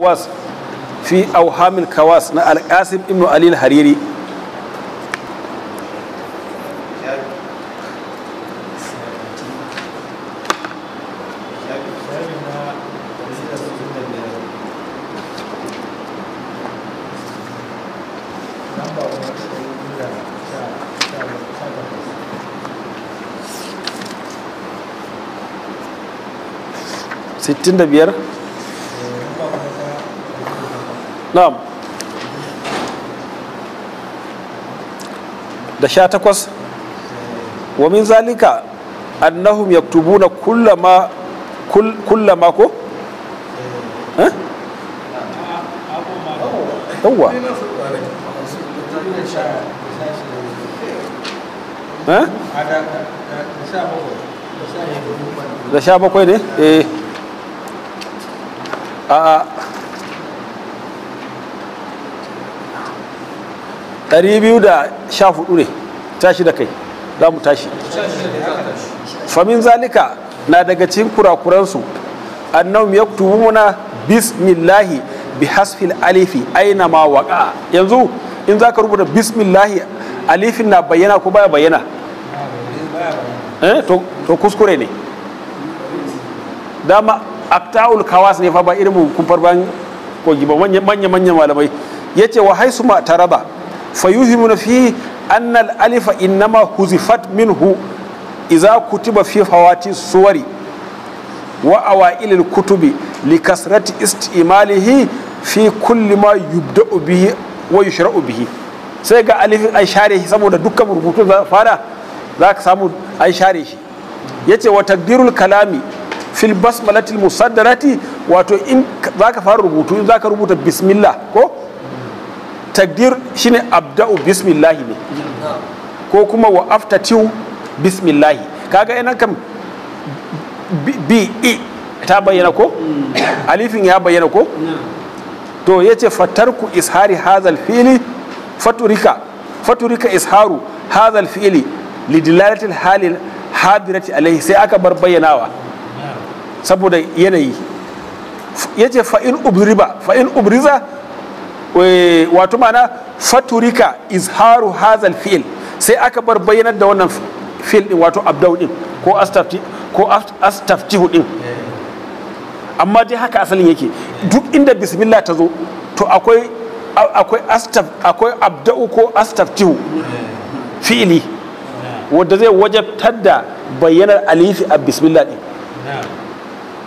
كواس في أوهام الكواس نا القاسم ابن علي الحريري ستين دبير na'am da sha takwas wa min zalika annahum yaktubuna kullama kullama ko eh? yawwa eh? da sha bakwai ne eh A'a. 214 ne tashi da kai za mu tashi famin zalika na daga cikin kurakuransu tubu muna bismillahi bi hasfil alifi aina ma waka yanzu in za ka rubuta bismillahi alifin na bayyana ko baya bayyana eh, to kuskure ne dama akta'ul kawas ne fa ba irin kun farban kogi ba manya manya malamai yace wa haisu ma taraba fayuhimuna fihi fi al-alifa innama huzifat minhu idza kutiba fi fawati suwari wa awail al-kutubi likasrati istimalihi fi kulli ma yubda'u bihi sai ga alifin an share shi saboda dukkan rubutu za fara za ka samu an share shi yace wa takdirul kalami fil basmalatil musaddarati wato in za ka fara rubutu in za ka rubuta bismillah ko takdir shine abda'u bismillahi ne ko kuma wa aftatiu bismillahi kaga ina kam bi i ta bayyana ko alifin ya bayyana ko to yace fatarku ishari hazal fili faturika faturika isharu hazal fili lidilalatil halin hadirati alaihi sai aka bar bayyanawa saboda yanayi yace ce fa'in ubriza Eh, wato mana faturika izharu hazal fi'il sai aka bar bayyanar da wannan fi'il din wato abdau din ko astafti ko astafti din amma dai haka asalin yake duk inda bismillah ta zo to akwai akwai astaf akwai abda'u ko astafti fi'ili wanda zai wajabtar da bayyanar alifi a bismillah din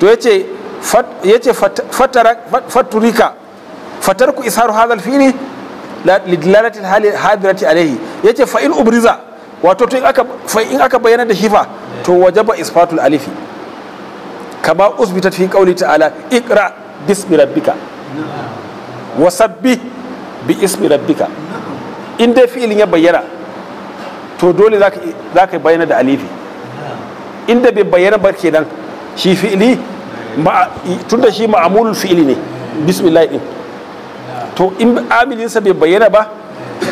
to yace yace faturika fatarku isharu hadha alfili lidlalati hali hadirati alayhi yace fa in ubriza wato to in aka fa in aka bayyana da shifa to wajaba isfatul alifi kama usbitat fi qawli ta'ala iqra bismi rabbika wasabbi bi ismi rabbika in dai fi'ilin ya bayyana to dole za ka bayyana da alifi inda bai bayyana ba kenan shi fi'ili tunda shi ma'amulul fi'ili ne bismillah to in amilinsa bai bayyana ba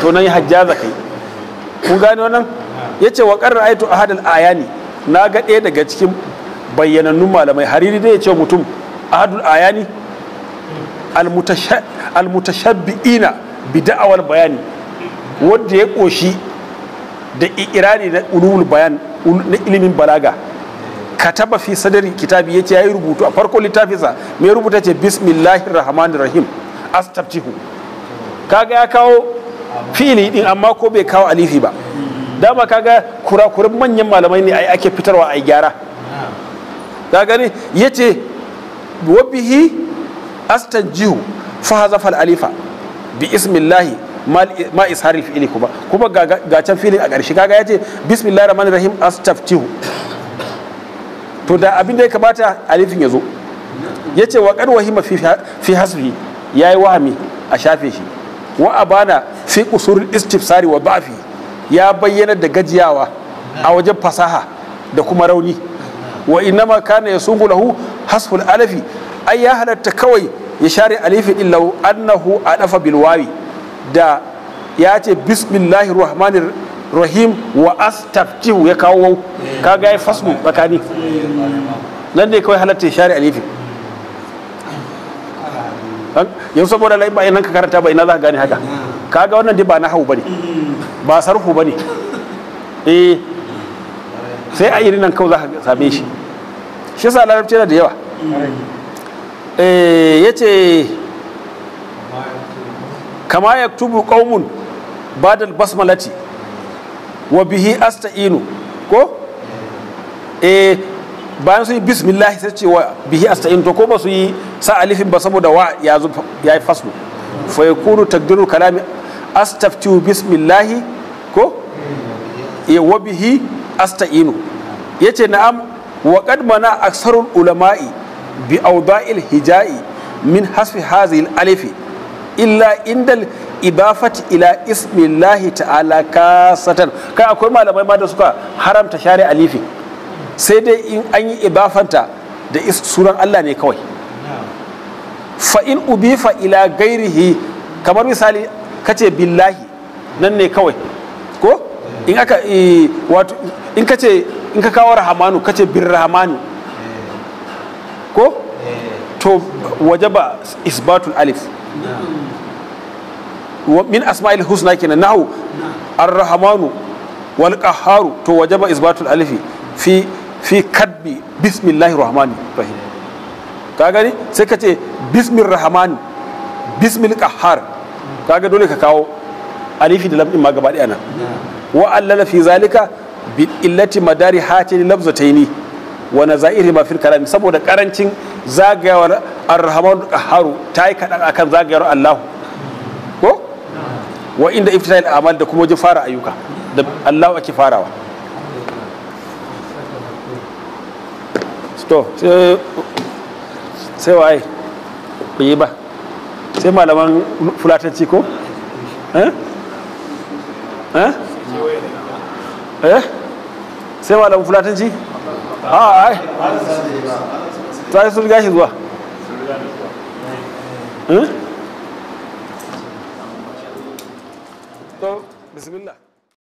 to nan hajjaza kai kun gane wannan ya ce wa ƙarar aitu a hadal ayani na ga ɗaya daga cikin bayyanannun malamai hariri dai ya ce mutum ahadul ayani almutashabbi'ina bi da'awar bayani wanda ya ƙoshi da ikirari na ulumul bayan na ilimin balaga kataba fi sadari kitabi yace yayi rubutu a farkon littafinsa mai rubuta ce bismillahir rahmanir rahim astabtihu kaga ya kawo fili din amma ko bai kawo alifi ba dama kaga kurakurin manyan malamai ne ai ake fitarwa ai gyara ka gani yace wa bihi astajihu fa hazafa alifa bi ismillahi ma isharil fi'li kuma kuma ga can filin a ƙarshe kaga yace bismillahir rahmanir rahim astaftihu to da abin da ya kamata alifin ya zo yace wa qad wahima fi hasbi ya yi wahami a shafe shi wa abana fi kusurin istifsari wa ba'fi ya bayyana da gajiyawa a wajen fasaha da kuma rauni wa ma kana yasungu lahu hasful alafi ai ya halatta kawai ya share alifi illa annahu a dafa bilwawi da ya ce bismillahir rahmanir rahim wa astaftihu ya kawo kaga ya fasmu tsakani nan ne kawai halatta ya share alifi yau saboda lai ba ka karanta ba ina za ka gane haka kaga wannan dai ba na hau bane ba sarhu bane eh sai a irin nan kawai za ka same shi shi sa larabci da yawa eh yace kama yaktubu qaumun badal basmalati wa bihi asta'inu ko eh bayan su yi bismillah sai ce wa bihi asta'in to ko ba su yi sa alifin ba saboda wa ya zo ya yi faslu fa yakunu takdiru kalami astaftu bismillah ko ya wa bihi asta'inu yace na'am wa qad mana aksarul ulama'i bi awda'il hija'i min hasfi hadhihi alifi illa indal ibafat ila ismillahi ta'ala kasatan kai akwai malamai ma da suka haramta share alifi sai dai in an yi ibafanta da sunan Allah ne kawai fa in ubifa ila gairihi kamar misali kace billahi nan ne kawai ko in aka wato in kace in ka kawo rahamanu kace bin rahamanu ko to wajaba isbatul alif min asma'il husna kenan nahu ar-rahmanu wal qahharu to wajaba isbatul alifi fi fi kadbi bismillahi rahmani rahim ka gani sai ka ce bismil rahmani bismil kahar ka ga dole ka kawo alifi da lafi ma gaba ɗaya nan wa allala fi zalika bi illati madari hatin labzataini wa nazairi ma fil kalami saboda karancin zagayawar ar-rahmanu kaharu ta yi kaɗan akan zagayawar allahu ko wa inda iftisal amal da kuma wajen fara ayyuka da allahu ake farawa to sai waye ku yi ba sai malaman fulatanci ko eh eh, eh? sai malaman fulatanci a ah, ai ta sun gashi zuwa eh? to bismillah